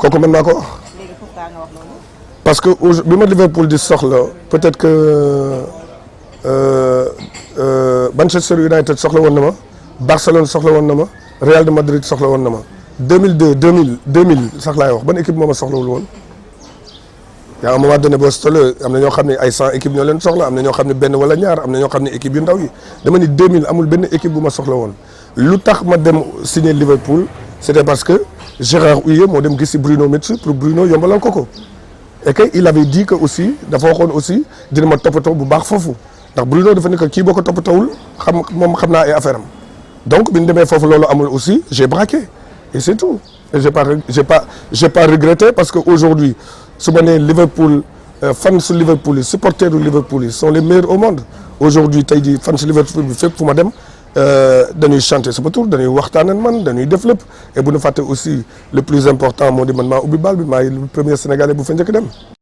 kooku mën naa ko wax. parce que bi ma Liverpool di soxla peut-être que euh, euh, Manchester United soxla woon na ma Barcelone soxla woon na ma Real de Madrid soxla woon na ma 2002 2000 2000 sax laay wax ban équipe moo ma soxlawul woon. yaa am moment donné boo soxla am na ñoo xam ne ay 100 équipe ñoo leen soxla am na ñoo xam ne benn wala ñaar am na ñoo xam ne équipe yu ndaw yi dama ni 2000 amul benn équipe bu ma soxla woon lu tax ma dem signer Liverpool c'était parce que. Gérard Houllier moo dem gis si Bruno Metsu pour Bruno yombalal ko e et que il avait dit que aussi dafa waxoon ma toppatoo bu baax foofu ndax Bruno dafa nekk kii boo ko toppatoowul xam moom xam naa ay affaire am donc bi ñu demee foofu loolu amul aussi j'ai braqué et c'est tout et j'ai pas j'ai pas j'ai regretté parce que aujourd'hui su ma nee Liverpool euh, fans Liverpool yi supporters du Liverpool yi sont les meilleurs au monde aujourd'hui tey jii fans Liverpool bi fépp fu dem Euh, dañuy chanter sama tur dañuy waxtaan ak man dañuy def lépp et bu ñu aussi le plus important moo di man maa ubbi bal bi maay le premier sénégalais bu fa njëkk dem.